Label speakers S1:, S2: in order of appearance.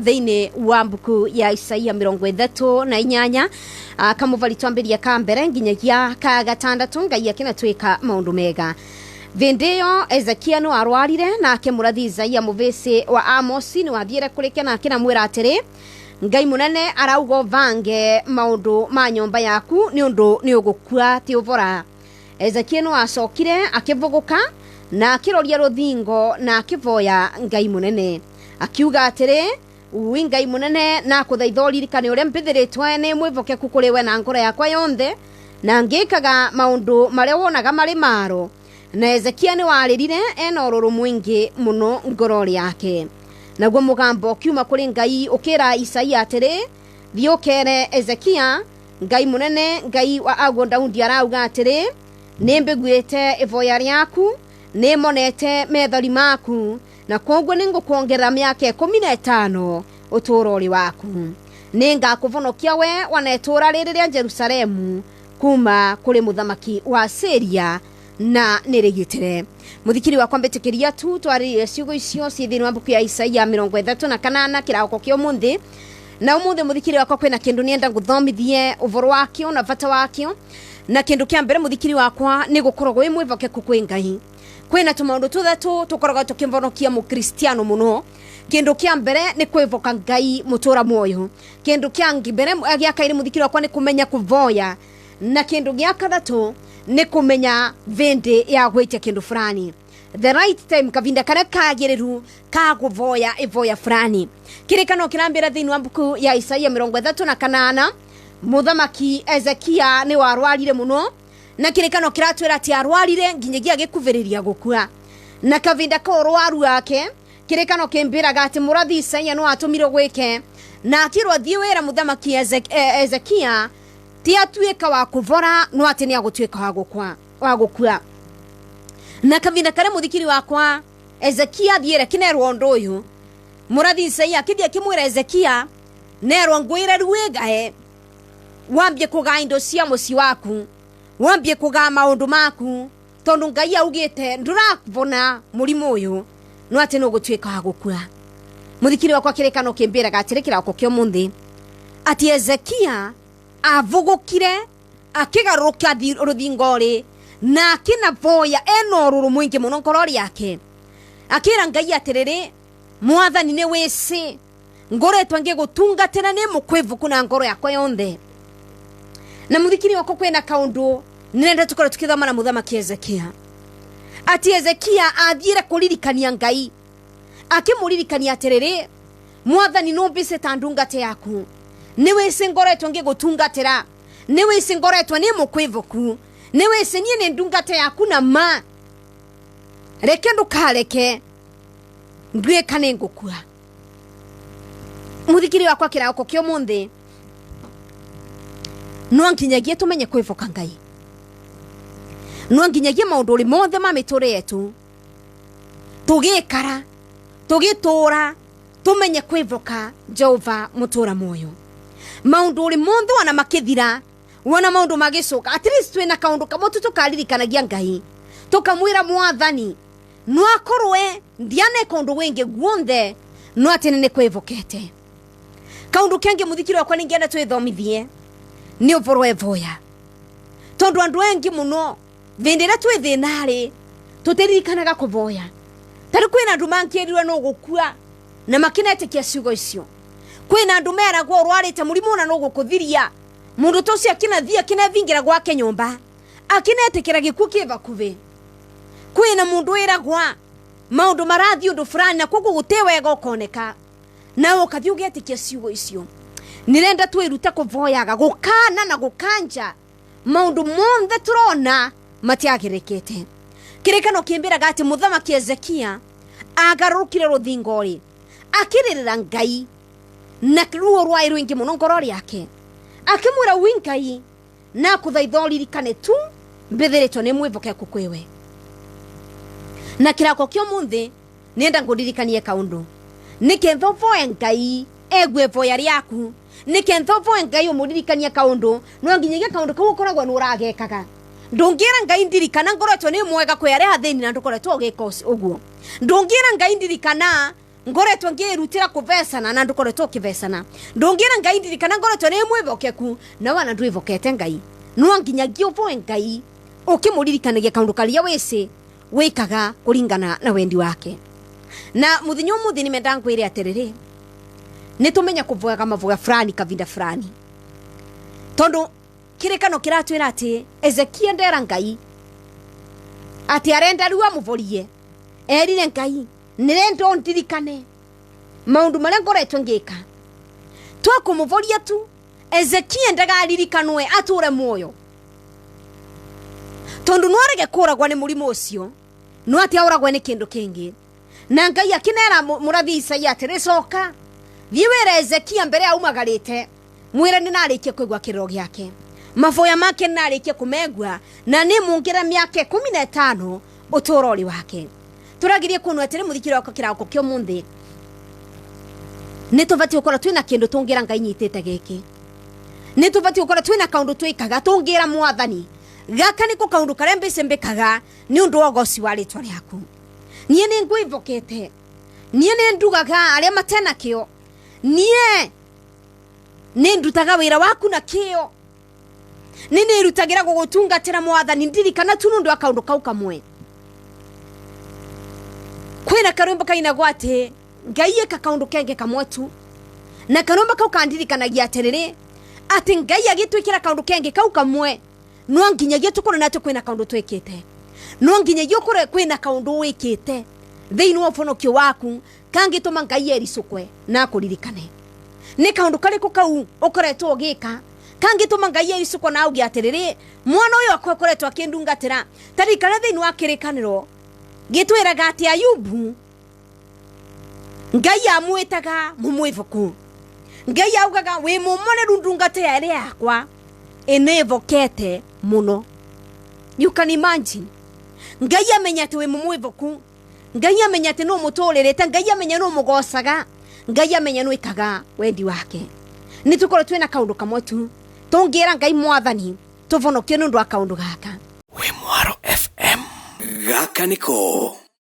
S1: thiini wa mbuku ya isaia mirongo ithatu na inyanya ah, kamuvari kambere ka ya kaga tanda tunga ya kina twika maundu mega Vendeo ezakia ezekia no arwarire nake murathi isaia muvisi wa amosi ni wathiire na kina namwira atiri ngai munene araugo vange maundu ma nyomba yaku ni undu ni ugukua ti uvora ezekia no acokire akivuguka na akiroria ruthingo na akivoya ngai munene akiuga atiri ui ngai munene na kuthaitha uririkane uria mbithiritwe ni mwivoke kuri we na ngoro yakwa yonthe na ngikaga maundu maria wonaga mari maro na ezekia ni waririre ena ururu mwingi muno ngoro yake naguo mugambo ukiuma kuri ngai ukira isaia atiri thii ukere ezekia ngai munene ngai wa aguo ndaundi arauga atiri nimmbiguite ivoya riaku nimonete methori maku na koguo nĩ ngũkwongerera mĩaka ikũmi na ĩtano ũtũũro-rĩ waku nĩ ngakũvonokia we ona itũũra jerusalemu kuma kuri mũthamaki wa syria na nĩ rĩgitĩre wakwa mbĩtĩkĩria tu twarĩrĩire ciugo icio ciĩ thĩinĩ wa mbuku ya isaia mĩrongo na kanana kĩrahoko kĩa ũmũthĩ na ũmũthĩ mũthikiri wakwa kwĩna kĩndũ nĩenda nguthomithie ũvoro wakio na bata wakio na kindu kia mbere muthikiri wakwa ni gukoragwo wi mwivokeku kwi ngai kwina tumaundu tuthatu tukoragwo tukimvonokia mukristiano muno kindu kia mbere ni kwivoka ngai mutura muoyo kindu kia mbere gia kairi muthikiri wakwa ni kumenya kuvoya na kindu gia kathatu ni kumenya vindi ya gwitia kindu fulani the right time kavinda karia kagiriru ka guvoya ivoya fulani kiririkano kirambira thiini wa mbuku ya isaia mirongo ithatu na kanana muthamaki ezekia ni warwarire muno na kirikano kiratwira ti arwarire nginyagia gikuviriria gukua na kavinda ko rwaru yake kirikano kimbiraga ati murathi isaia no watumirwo gweke na akirwo thie wira muthamaki e, ezekia ti atuika wa kuvora no ati ni agutuika wa gukua wa gukua na kavinda kare muthikiri wakwa ezekia thiire kinerwo undu uyu murathi isaia kithia kimwira ezekia nerwo ngwire ruigae wambie kugaa indo cia mucii waku wambie kugaa maundu maku tondu ngai augite nduravona murimu uyu no ati no wa gukua muthikiri wakwa kirekano kimbiraga atiri kirako munthi ati ezekia avugukire akigaruruka ruthingori na akinavoya eno ruru mwingi muno ngoro yake akira ngai atiriri mwathani ni wisi ngoretwe ngigutungatira ni mukwivuku na ngoro yakwa yonthe na muthikini wako kwena kaundu nenda tukora tukithoma na muthamaki ezekia ati ezekia athiire kuririkania ngai akimuririkania atiriri mwathani no mbise ta ndungate yaku niwe ici ngoretwo ngigutungatira niwe ici ngoretwo ni mukwivuku niwe ici nie ndunga ndungate yaku na ma reke ndukareke nduika ni ngukua muthikiri wakwa kirauko kia umuthi no nginyagie tumenye kwivoka ngai no nginyagia maundu ri mothe ma miture yetu tugikara tugitura tumenye kwivoka jehova mutura muoyo maundu ri mothe wana makithira wana maundu magicoka at least na kaundu kamwe tukaririkanagia ngai tukamwira mwathani no akorwe ndianeka undu wingi guonthe no atene kwivokete kaundu kenge muthikiri wakwa ningienda twithomithie ni å borwo tondu andu engi muno må no hä ndä ä rä a twä thä narä na andå mankä no gukua na makä kia ciugo icio kwä na andå meragwo rwarä te må na no gukuthiria mundu thiria må ndå ta å cio akinathiä akinethingä ra gwake nyå mba akinetä kä ra gä kuo kä bakuvä kwä na må ndå ä ragwa maå ndå na koguo gå tä nawe å kathiä kia ciugo icio nirenda twirute kuvoyaga gukana na gukanja maundu monthe turona matiagerekete kirekano kimbiraga ati muthamaki ezekia agarurukire ruthingori akiririra ngai na ruo rwai rwingi muno ngoro riake akimwira wi ngai na kuthaitha ririkane tu mbithiritwo ni mwivokeku kwiwe na kirako kio munthi nienda nguririkanie kaundu nikentha ngai egwe voya riaku nike nthovoe ngai umuririkanie kaundu no nginyagia kaundu kau ukoragwo uragekaga ndungira ngai ndirikana ngoretwo ni mwega kwi aria athini na ndukoretwo ugika uguo ndungira ngai ndirikana ngoretwo ngirutira kuvesana na ndukoretwo ukivesana ndungira ngai ndirikana ngoretwo ni mwivokeku na wana ndwivokete ngai no nginyagia uvoe ngai ukimuririkanagia kaundu karia wici wikaga kuringana na wendi wake na muthenya umuthi nimenda ngwire atiriri nä tå menya kå kavinda fulani tondå kirikano kiratwä ati ezekia ndera ngai ati arenda ruwa u erire ngai nä renda ndirikane maundu ndå ngoretwe ngä ka tu ezekia ndagaririkanwe atå re muoyo tondå no arege kå ragwo nä må ni kindu kingi na ngai akinera nera må isaia thiä wä ra ezekia mbere ya umagarä te mwä re nä narä kie kwä gwa kä rero gä ake maboya make nä narä kie kå mengua na nä må ngä re mä aka ikå mi na ätano å tå ra å rä wake tå ragirie kå nwa atä rä må thikä roko kä rako kä o må thä nä tå batiä gå korwo twä na kä ndå tå ngä ra ngai nyitä te gä kä nä tå batiä gå korwo twä na kaå twä kaga tå ngä ra mwathani gaka nä ko kaå ndå karä a mbä kaga nä å ndå wogoci wa rä twa rä aku niä nä ngwä mbokete niä nä ndugaga arä a matena kä o nie nindutaga wira waku na kio ninirutagira gugutungatira mwathani ndirikana tu nundu akaundu kau kamwe kwina karumba kaina ati ngai eka kaundu kenge kamwe tu na karumba kau kandirikanagia atiriri ati ngai agitwikira kaundu kenge kau kamwe no nginyagia tukorwo natio kwina kaundu twikite no nginyagia ukorwo kwina kaundu wikite thiini wa kio waku kangituma ngai ericukwe na akuririkane ni kaundu kariku kau ukoretwo ugika kangituma ngai ericukwo na auge atiriri mwana uyu akwa akoretwo akindungatira tarikare thiini wa kirikaniro gitwiraga ati ayubu ngai amwitaga mumwivuku ngai augaga wi mumoreru ndungatira iria yakwa inivokete muno you can imagine ngai amenya ati wi mumwivuku ngai amenya atä nä å må tå rä rä te ngai amenya nä å må gocaga ngai amenya nä ĩkaga wendi wake nä tå korwo twä kaå ndå kamwe tu tå ngä ra ngai mwathani tå vonokio nä å ndå wa kaå ndå gaka wä mwaro fm gaka nä koo